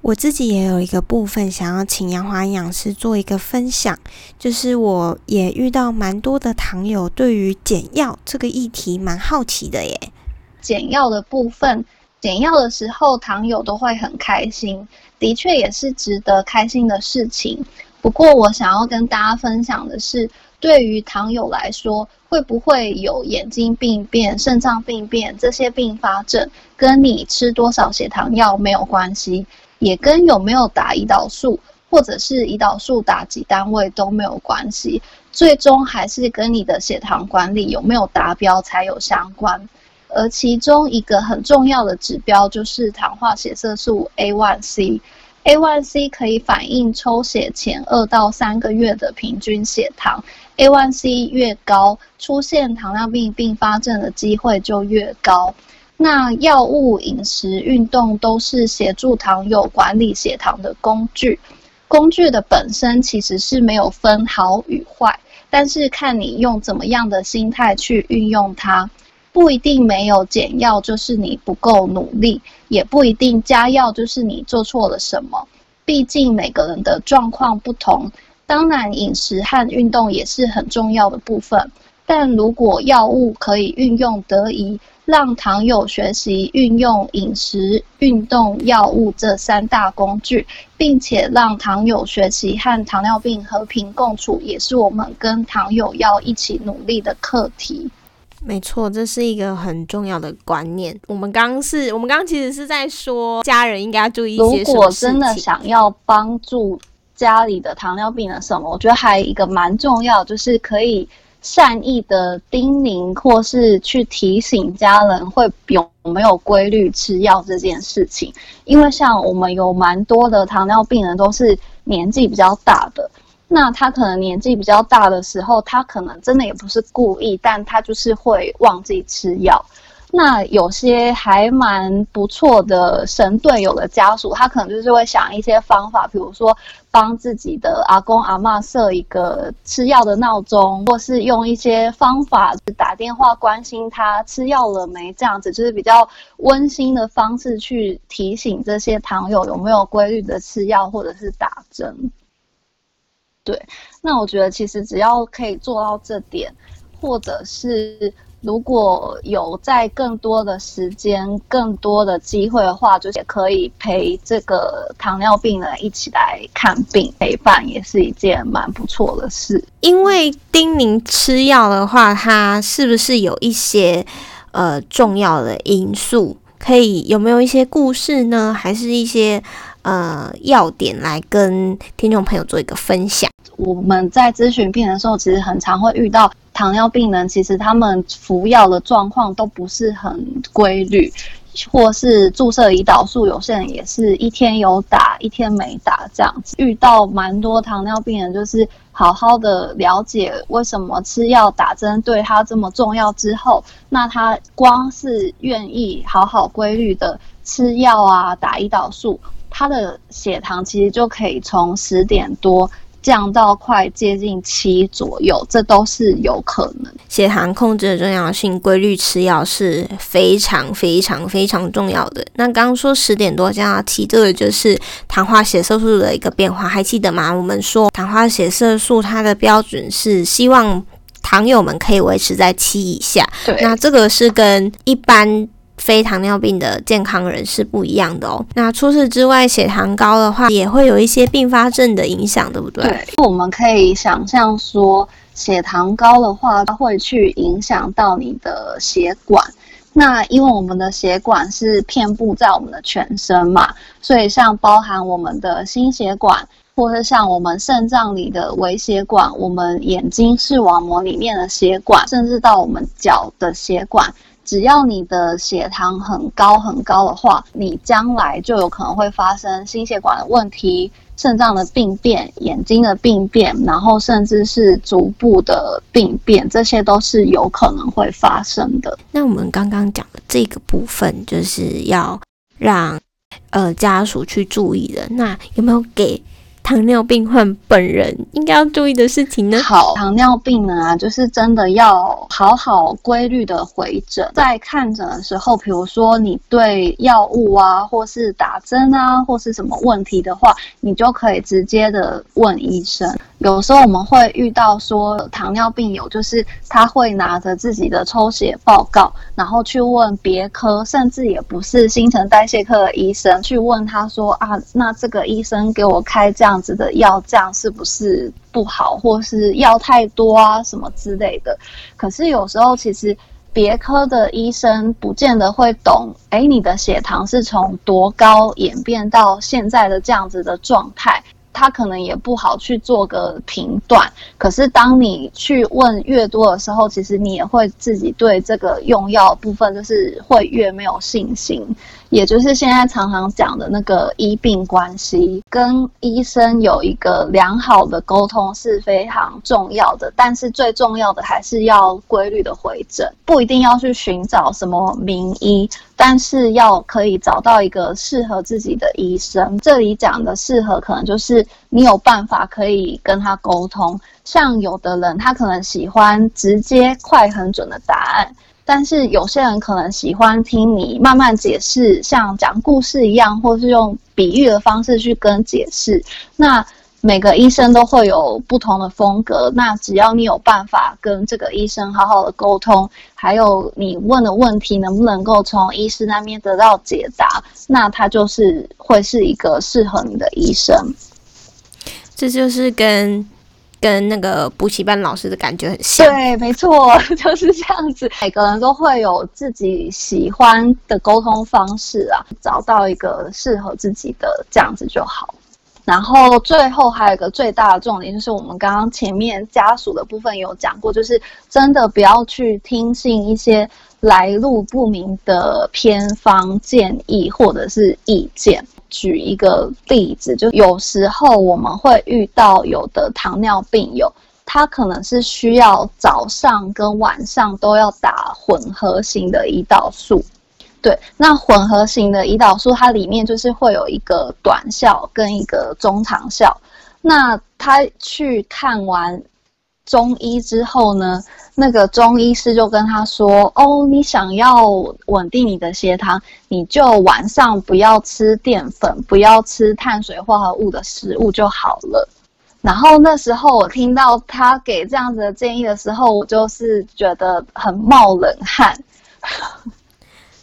我自己也有一個部分想要請洋樺營養師做一個分享，就是我也遇到蠻多的糖友對於減藥這個議題蠻好奇的耶。減藥的部分，減藥的時候糖友都會很開心，的確也是值得開心的事情。不過我想要跟大家分享的是，對於糖友來說，會不會有眼睛病變、腎臟病變這些併發症，跟你吃多少血糖藥沒有關係，也跟有沒有打胰島素或者是胰島素打幾單位都沒有關係，最終還是跟你的血糖管理有沒有達標才有相關。而其中一個很重要的指標就是糖化血色素 A1C，A1C A1C 可以反映抽血前二到三個月的平均血糖。A1C 越高，出現糖尿病併發症的機會就越高。那藥物、飲食、運動都是協助糖友管理血糖的工具。工具的本身其實是沒有分好與壞，但是看你用怎麼樣的心態去運用它，不一定沒有減藥就是你不夠努力，也不一定加藥就是你做錯了什麼。畢竟每個人的狀況不同。當然，飲食和運動也是很重要的部分，但如果藥物可以運用得宜，讓糖友學習運用飲食、運動、藥物這三大工具，並且讓糖友學習和糖尿病和平共處，也是我們跟糖友要一起努力的課題。沒錯，這是一個很重要的觀念。我們剛是，我們剛其實是在說家人應該要注意。如果真的想要幫助家裡的糖尿病人什麼，我覺得還一個蠻重要，就是可以善意的叮嚀或是去提醒家人會有沒有規律吃藥這件事情。因為像我們有蠻多的糖尿病人都是年紀比較大的，那他可能年紀比較大的時候，他可能真的也不是故意，但他就是會忘記吃藥。那有些還蠻不錯的神隊友的家屬，他可能就是會想一些方法，比如說幫自己的阿公阿嬤設一個吃藥的鬧鐘，或是用一些方法打電話關心他吃藥了沒，這樣子就是比較溫馨的方式去提醒這些糖友有沒有規律的吃藥或者是打針。對，那我覺得其實只要可以做到這點，或者是。如果有在更多的時間、更多的機會的話，就也可以陪這個糖尿病人一起來看病，陪伴，也是一件蠻不錯的事。因為叮嚀吃藥的話，它是不是有一些呃重要的因素？可以有沒有一些故事呢？還是一些呃要點來跟聽眾朋友做一個分享？我們在諮詢病人的時候，其實很常會遇到。糖尿病人其實他們服藥的狀況都不是很規律，或是注射胰島素，有些人也是一天有打一天沒打這樣子。遇到蠻多糖尿病人，就是好好的了解為什麼吃藥打針對他這麼重要之後，那他光是願意好好規律的吃藥啊，打胰島素，他的血糖其實就可以從十點多，降到快接近七左右，這都是有可能。血糖控制的重要性，規律吃藥是非常非常非常重要的。那剛剛說十點多降到七，這個就是糖化血色素的一個變化，還記得嗎？我們說糖化血色素它的標準是，希望糖友們可以維持在七以下。對，那這個是跟一般。非糖尿病的健康人是不一樣的哦。那除此之外，血糖高的話也會有一些併發症的影響，對不對？對，我們可以想象說，血糖高的話，它會去影響到你的血管。那因為我們的血管是遍布在我們的全身嘛，所以像包含我們的心血管，或者像我們腎臟裡的微血管，我們眼睛視網膜裡面的血管，甚至到我們腳的血管。只要你的血糖很高很高的話，你將來就有可能會發生心血管的問題、腎臟的病變、眼睛的病變，然後甚至是足部的病變，這些都是有可能會發生的。那我們剛剛講的這個部分，就是要讓呃家屬去注意的。那有沒有給？糖尿病患本人應該要注意的事情呢？好，糖尿病呢，就是真的要好好規律的回診，在看診的時候，比如說你對藥物啊，或是打針啊，或是什麼問題的話，你就可以直接的問醫生。有時候我們會遇到說糖尿病友，就是他會拿着自己的抽血報告，然後去問別科，甚至也不是新陳代謝科的醫生去問他說啊，那這個醫生給我開這樣子的藥，這樣是不是不好，或是藥太多啊什麼之類的。可是有時候其實別科的醫生不見得會懂，哎，你的血糖是從多高演變到現在的這樣子的狀態。他可能也不好去做個評斷，可是當你去問越多的時候，其實你也會自己對這個用藥部分就是會越沒有信心。也就是現在常常講的那個醫病關係，跟醫生有一個良好的溝通是非常重要的。但是最重要的還是要規律的回診，不一定要去尋找什麼名醫，但是要可以找到一個適合自己的醫生。這裡講的適合，可能就是你有辦法可以跟他溝通。像有的人，他可能喜歡直接、快、很準的答案。但是有些人可能喜歡聽你慢慢解釋，像講故事一樣，或是用比喻的方式去跟解釋。那每個醫生都會有不同的風格，那只要你有辦法跟這個醫生好好的溝通，還有你問的問題能不能夠從醫師那邊得到解答，那他就是會是一個適合你的醫生。這就是跟。跟那個補習班老師的感覺很像，對，沒錯，就是這樣子。每個人都會有自己喜歡的溝通方式啊，找到一個適合自己的，這樣子就好。然後最後還有一個最大的重點，就是我們剛剛前面家屬的部分有講過，就是真的不要去聽信一些來路不明的偏方建議或者是意見。舉一個例子，就有時候我們會遇到有的糖尿病友，他可能是需要早上跟晚上都要打混合型的胰島素。對，那混合型的胰島素，它裡面就是會有一個短效跟一個中長效。那他去看完中醫之後呢，那個中醫師就跟他說：“哦，你想要穩定你的血糖，你就晚上不要吃澱粉，不要吃碳水化合物的食物就好了。”然後那時候我聽到他給這樣子的建議的時候，我就是覺得很冒冷汗。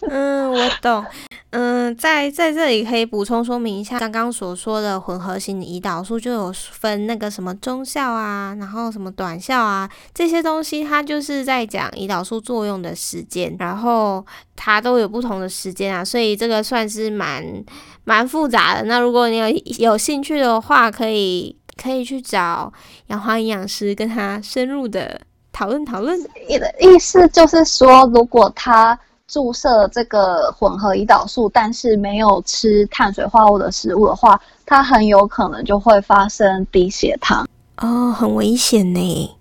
嗯，我懂。嗯，在在這裡可以補充說明一下，剛剛所說的混合型的胰島素就有分那個什麼中效啊，然後什麼短效啊這些東西，它就是在講胰島素作用的時間，然後它都有不同的時間啊，所以這個算是蠻蠻複雜的。那如果你有有興趣的話，可以可以去找洋樺營養師跟他深入的討論討論。意的意思就是說，如果他注射這個混合胰島素，但是沒有吃碳水化合物的食物的話，它很有可能就會發生低血糖哦，oh, 很危險呢。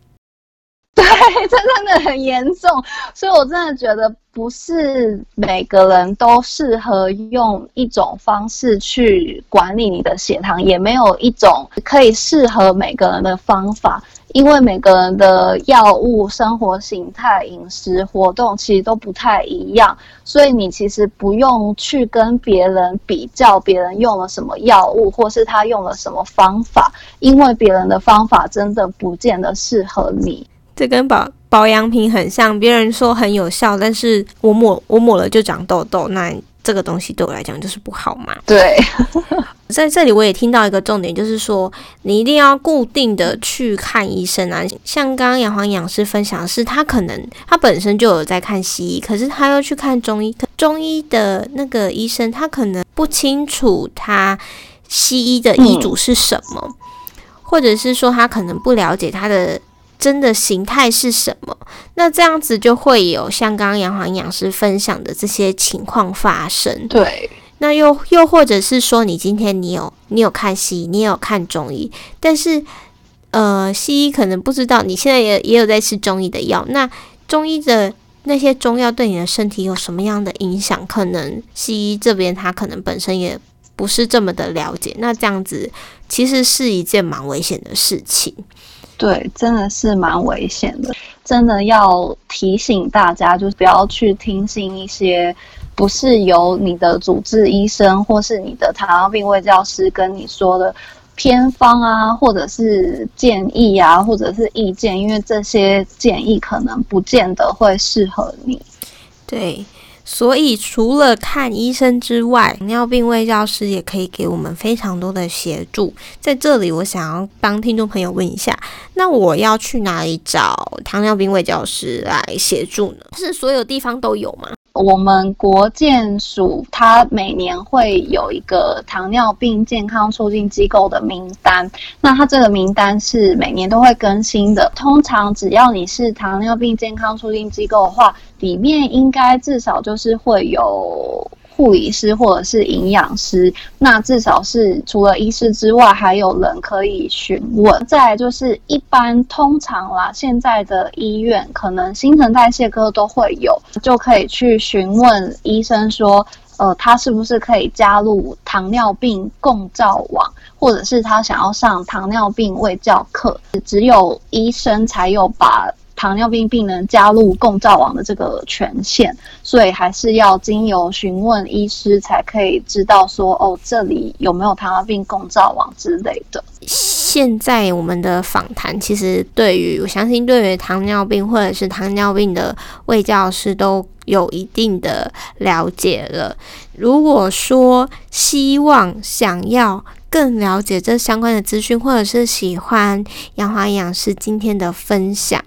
對，真的很嚴重，所以我真的覺得不是每個人都適合用一種方式去管理你的血糖，也沒有一種可以適合每個人的方法。因為每個人的藥物、生活形態、飲食、活動其實都不太一樣，所以你其實不用去跟別人比較別人用了什麼藥物，或是他用了什麼方法，因為別人的方法真的不見得適合你。這跟保保養品很像，別人說很有效，但是我抹我抹了就長痘痘，那你。這個東西對我來講就是不好嘛。對， 在這裡我也聽到一個重點，就是說你一定要固定的去看醫生啊。像剛剛洋樺營養師分享的是，他可能他本身就有在看西醫，可是他要去看中醫，中醫的那個醫生他可能不清楚他西醫的醫囑是什麼、嗯，或者是說他可能不了解他的。真的形態是什麼？那這樣子就會有像剛剛洋樺營養師分享的這些情況發生。對，那又又或者是說，你今天你有你有看西醫，你也有看中醫，但是呃，西醫可能不知道你現在也也有在吃中醫的藥。那中醫的那些中藥對你的身體有什麼樣的影響？可能西醫這邊他可能本身也不是這麼的了解。那這樣子其實是一件蠻危險的事情。對，真的是蠻危險的，真的要提醒大家，就是不要去聽信一些不是由你的主治醫生或是你的糖尿病衛教師跟你說的偏方啊，或者是建議啊，或者是意見，因為這些建議可能不見得會適合你。對。所以，除了看醫生之外，糖尿病衛教師也可以給我們非常多的協助。在這裡，我想要幫聽眾朋友問一下，那我要去哪裡找糖尿病衛教師來協助呢？是所有地方都有嗎？我們國健署它，每年會有一個糖尿病健康促進機構的名單，那它這個名單是每年都會更新的。通常只要你是糖尿病健康促進機構的話，裡面應該至少就是會有。護理師或者是營養師，那至少是除了醫師之外，還有人可以詢問。再來就是一般通常啦，現在的醫院可能新陳代謝科都會有，就可以去詢問醫生說，呃，他是不是可以加入糖尿病共照網，或者是他想要上糖尿病衛教課，只有醫生才有吧。糖尿病病人加入共照網的這個權限，所以還是要經由詢問醫師才可以知道說，哦，這裡有沒有糖尿病共照網之類的。現在我們的訪談其實對於我相信，對於糖尿病或者是糖尿病的衛教師都有一定的了解了。如果說希望想要更了解這相關的資訊，或者是喜歡洋樺營養師今天的分享，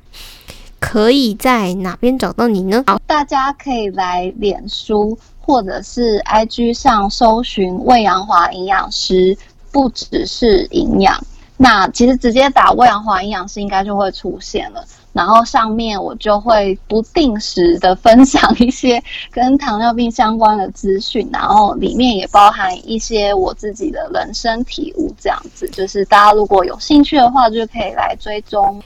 可以在哪邊找到你呢？好，大家可以來臉書或者是 IG 上搜尋魏洋樺營養師，不只是營養。那其實直接打魏洋樺營養師應該就會出現了。然後上面我就會不定時的分享一些跟糖尿病相關的資訊，然後裡面也包含一些我自己的人生體悟，這樣子，就是大家如果有興趣的話，就可以來追蹤。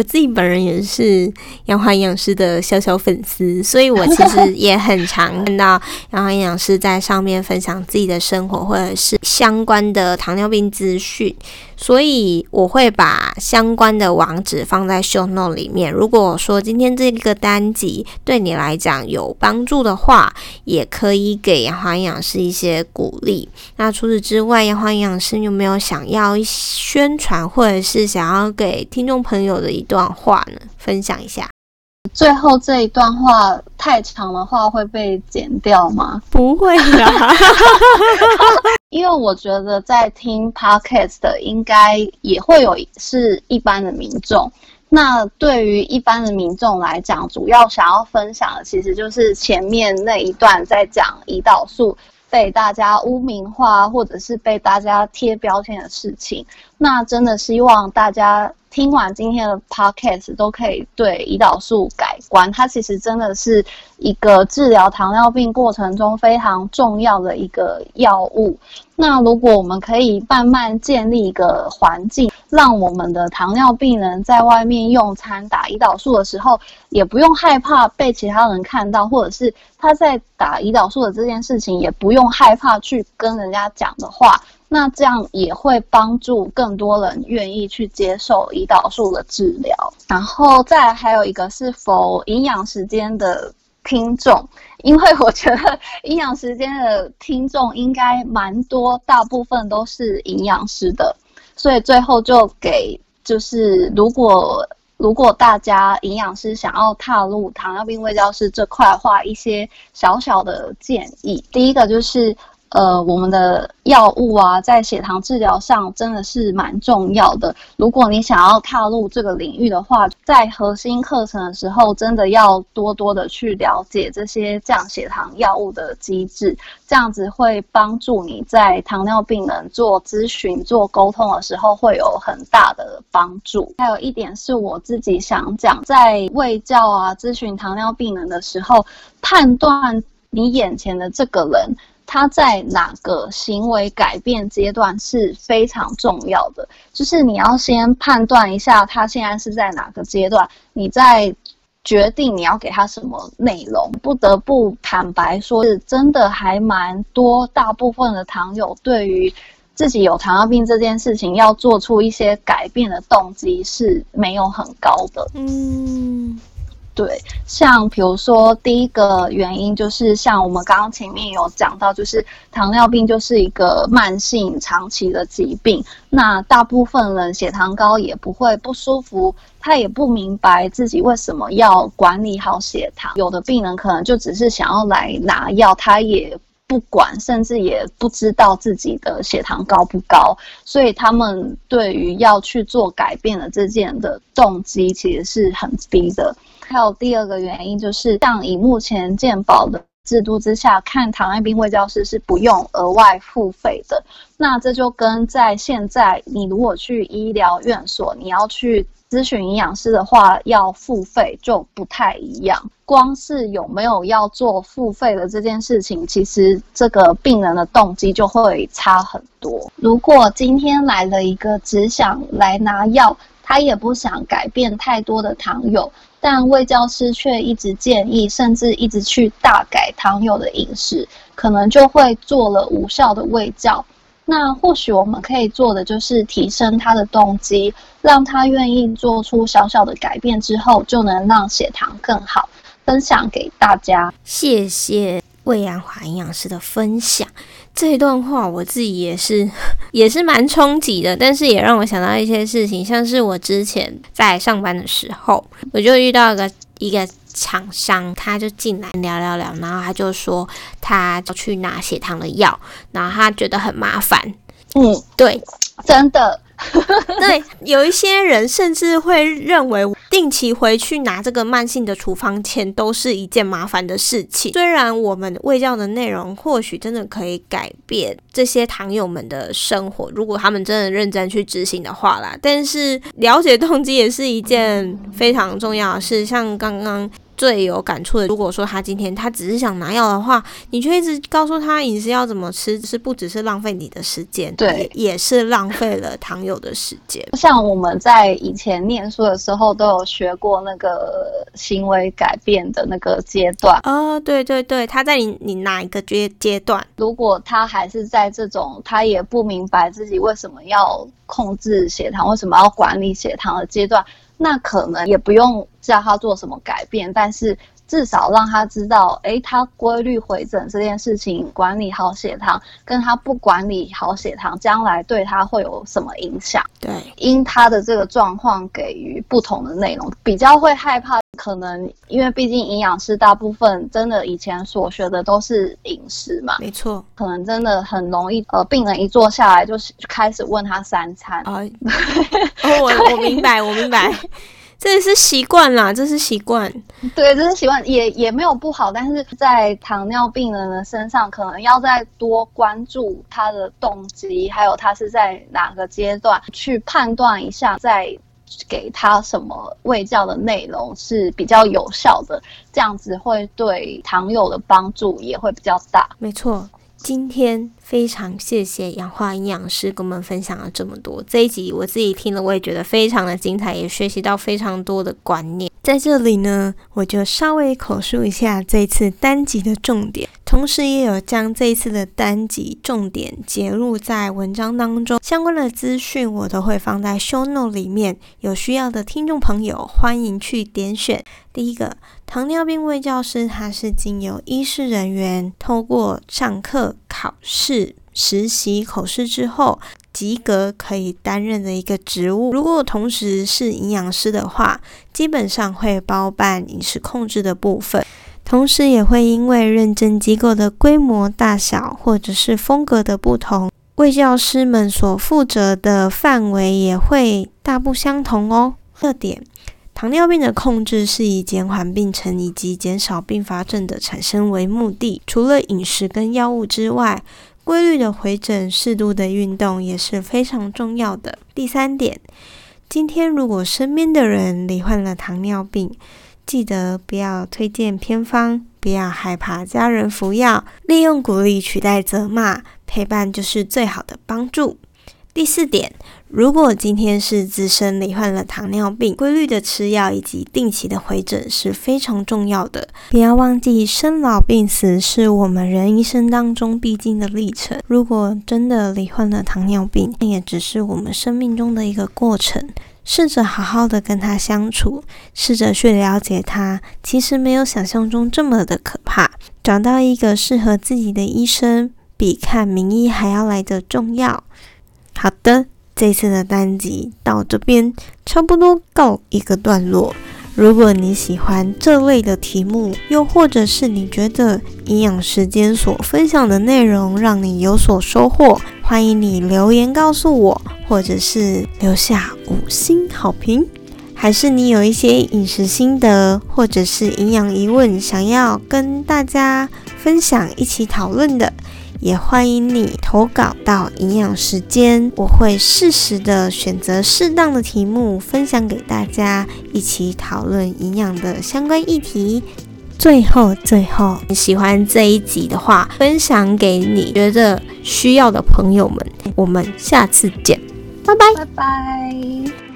我自己本人也是洋樺營養師的小小粉絲，所以我其實也很常看到洋樺營養師在上面分享自己的生活或者是相關的糖尿病資訊，所以我會把相關的網址放在 show note 裡面。如果我說今天這個單集對你來講有幫助的話，也可以給洋樺營養師一些鼓勵。那除此之外，洋樺營養師有沒有想要宣傳或者是想要給聽眾朋友的？一？段話呢？分享一下。最後這一段話太長的話會被剪掉嗎？不會呀 因為我覺得在聽 podcast 的應該也會有是一般的民眾。那對於一般的民眾來講，主要想要分享的其實就是前面那一段在講胰島素被大家污名化或者是被大家貼標籤的事情。那真的希望大家聽完今天的 podcast 都可以對胰島素改觀，它其實真的是一個治療糖尿病過程中非常重要的一個藥物。那如果我們可以慢慢建立一個環境，讓我們的糖尿病人在外面用餐打胰島素的時候，也不用害怕被其他人看到，或者是他在打胰島素的這件事情，也不用害怕去跟人家講的話。那這樣也會幫助更多人願意去接受胰島素的治療，然後再來還有一個是否營養食間的聽眾，因為我覺得營養食間的聽眾應該蠻多，大部分都是營養師的，所以最後就給就是，如果如果大家營養師想要踏入糖尿病衛教師這塊話，一些小小的建議。第一個就是。呃，我們的藥物啊，在血糖治療上真的是蠻重要的。如果你想要踏入這個領域的話，在核心課程的時候，真的要多多的去了解這些降血糖藥物的機制，這樣子會幫助你在糖尿病人做諮詢、做溝通的時候會有很大的幫助。還有一點是我自己想講，在衛教啊、諮詢糖尿病人的時候，判斷你眼前的這個人。他在哪個行為改變階段是非常重要的，就是你要先判斷一下他現在是在哪個階段，你再決定你要給他什麼內容。不得不坦白說，是真的還蠻多，大部分的糖友對於自己有糖尿病這件事情要做出一些改變的動機是沒有很高的。嗯。對，像比如說，第一個原因就是像我們剛剛前面有講到，就是糖尿病就是一個慢性、長期的疾病。那大部分人血糖高也不會不舒服，他也不明白自己為什麼要管理好血糖。有的病人可能就只是想要來拿藥，他也不管，甚至也不知道自己的血糖高不高，所以他們對於要去做改變的這件的動機其實是很低的。還有第二個原因就是，像以目前健保的制度之下，看糖尿病衛教師是不用額外付費的。那這就跟在現在你如果去醫療院所，你要去諮詢營養師的話要付費就不太一樣。光是有沒有要做付費的這件事情，其實這個病人的動機就會差很多。如果今天來了一個只想來拿藥，他也不想改變太多的糖友，但衛教師卻一直建議，甚至一直去大改糖友的飲食，可能就會做了無效的衛教。那或許我們可以做的就是提升他的動機，讓他願意做出小小的改變之後，就能讓血糖更好，分享給大家。謝謝。魏洋樺營養師的分享，這一段話我自己也是也是蠻衝擊的，但是也讓我想到一些事情，像是我之前在上班的時候，我就遇到一個一個廠商，他就進來聊聊聊，然後他就說他要去拿血糖的藥，然後他覺得很麻煩，嗯，對，真的。 對，有一些人甚至會認為定期回去拿這個慢性的處方箋都是一件麻煩的事情。雖然我們衛教的內容或許真的可以改變這些糖友們的生活，如果他們真的認真去執行的話啦，但是了解動機也是一件非常重要的事。像剛剛。最有感觸的，如果說他今天他只是想拿藥的話，你就一直告訴他飲食要怎麼吃，是不只是浪費你的時間，對，也，也是浪費了糖友的時間。像我們在以前念書的時候都有學過那個行為改變的那個階段啊、呃，對對對，他在你你哪一個階階段。如果他還是在這種他也不明白自己為什麼要控制血糖，為什麼要管理血糖的階段。那可能也不用叫他做什麼改變，但是至少讓他知道，哎、欸，他規律回診這件事情，管理好血糖，跟他不管理好血糖，將來對他會有什麼影響？對，因他的這個狀況給予不同的內容，比較會害怕。可能因為畢竟營養師大部分真的以前所學的都是飲食嘛，沒錯，可能真的很容易。呃，病人一坐下來就是開始問他三餐啊，哦哦，我我明白，我明白，這是習慣啦，這是習慣，對，這是習慣，也也沒有不好，但是在糖尿病人的身上，可能要再多關注他的動機，還有他是在哪個階段去判斷一下，在。給他什麼衛教的內容是比較有效的，這樣子會對糖友的幫助也會比較大。沒錯。今天非常謝謝洋樺營養師給我們分享了這麼多。這一集我自己聽了，我也覺得非常的精彩，也學習到非常多的觀念。在這裡呢，我就稍微口述一下這一次單集的重點，同時也有將這次的單集重點截錄在文章當中。相關的資訊我都會放在 show note 裡面，有需要的聽眾朋友歡迎去點選。第一個。糖尿病衛教師，他是經由醫師人員透過上課、考試、實習、口試之後，及格可以擔任的一個職務。如果同時是營養師的話，基本上會包辦飲食控制的部分，同時也會因為認證機構的規模大小或者是風格的不同，衛教師們所負責的範圍也會大不相同哦。特點。糖尿病的控制是以減緩病程以及減少併發症的產生為目的。除了飲食跟藥物之外，規律的回診、適度的運動也是非常重要的。第三點，今天如果身邊的人罹患了糖尿病，記得不要推薦偏方，不要害怕家人服藥，利用鼓勵取代責罵，陪伴就是最好的幫助。第四點。如果今天是自身罹患了糖尿病，規律的吃藥以及定期的回診是非常重要的。不要忘記，生老病死是我們人一生當中必經的歷程。如果真的罹患了糖尿病，那也只是我們生命中的一個過程。試着好好的跟他相處，試着去了解他，其實沒有想象中這麼的可怕。找到一個適合自己的醫生，比看名醫還要來得重要。好的。這次的單集到這邊差不多告一個段落。如果你喜歡這類的題目，又或者是你覺得營養時間所分享的內容讓你有所收穫，歡迎你留言告訴我，或者是留下五星好評。還是你有一些飲食心得，或者是營養疑問，想要跟大家分享一起討論的。也歡迎你投稿到《營養食間》，我會適時的選擇適當的題目分享給大家，一起討論營養的相關議題。最後，最後，你喜歡這一集的話，分享給你覺得需要的朋友們。我們下次見，拜拜，拜拜。